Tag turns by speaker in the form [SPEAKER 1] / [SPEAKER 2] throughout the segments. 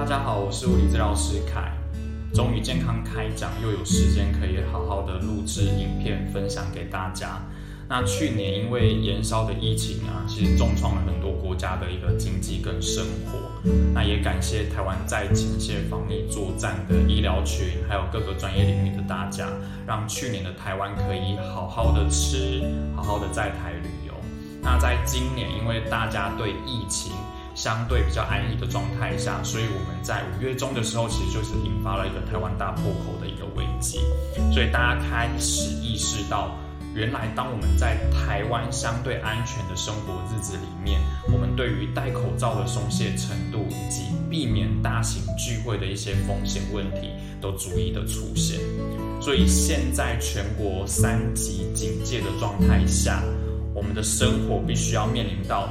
[SPEAKER 1] 大家好，我是物理治療師凱，終於健康開講，又有時間可以好好的錄製影片，分享給大家。那去年因為延燒的疫情啊，其實重創了很多國家的一個經濟跟生活。那也感謝台灣在前線防疫作戰的醫療群，還有各個專業領域的大家，讓去年的台灣可以好好的吃，好好的在台旅遊。那在今年，因為大家對疫情，相對比較安逸的狀態下，所以我們在五月中的時候，其實就是引發了一個台灣大破口的一個危機。所以大家開始意識到，原來當我們在台灣相對安全的生活日子裡面，我們對於戴口罩的鬆懈程度，以及避免大型聚會的一些風險問題，都逐一的出現。所以現在全國三級警戒的狀態下，我們的生活必須要面臨到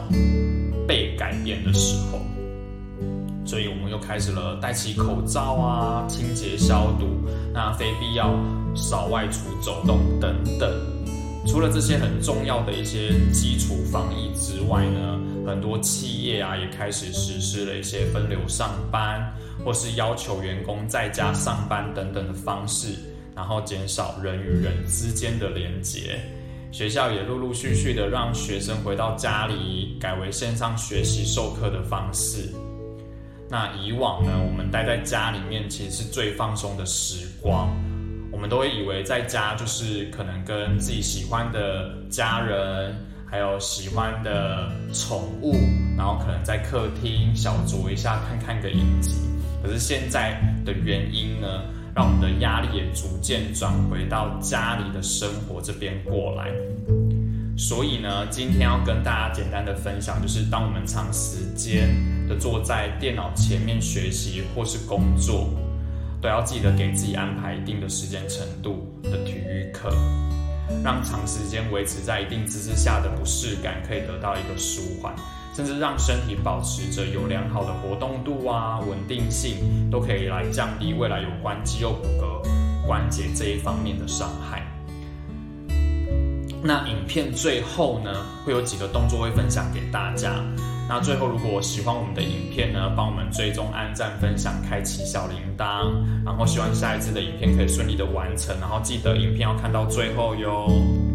[SPEAKER 1] 被改變的時候，所以我們又開始了戴起口罩啊、清潔消毒、那非必要少外出走動等等。除了這些很重要的一些基礎防疫之外呢，很多企業啊也開始實施了一些分流上班，或是要求員工在家上班等等的方式，然後減少人與人之間的連接。學校也陸陸續續的讓學生回到家裡，改為線上學習授課的方式。那以往呢，我們待在家裡面其實是最放鬆的時光，我們都會以為在家就是可能跟自己喜歡的家人，還有喜歡的寵物，然後可能在客廳小酌一下，看看個影集。可是現在的原因呢？讓我們的壓力也逐漸轉回到家裡的生活這邊過來。所以呢，今天要跟大家簡單的分享，就是當我們長時間的坐在電腦前面學習或是工作，都要記得給自己安排一定的時間程度的體育課，讓長時間維持在一定姿勢下的不適感可以得到一個舒緩。甚至讓身體保持着有良好的活動度啊、穩定性，都可以來降低未來有關肌肉、骨骼、關節這一方面的傷害。那影片最後呢，會有幾個動作會分享給大家。那最後，如果喜歡我們的影片呢，幫我們追蹤、按讚、分享、開啟小鈴鐺。然後，希望下一次的影片可以順利的完成。然後，記得影片要看到最後喲。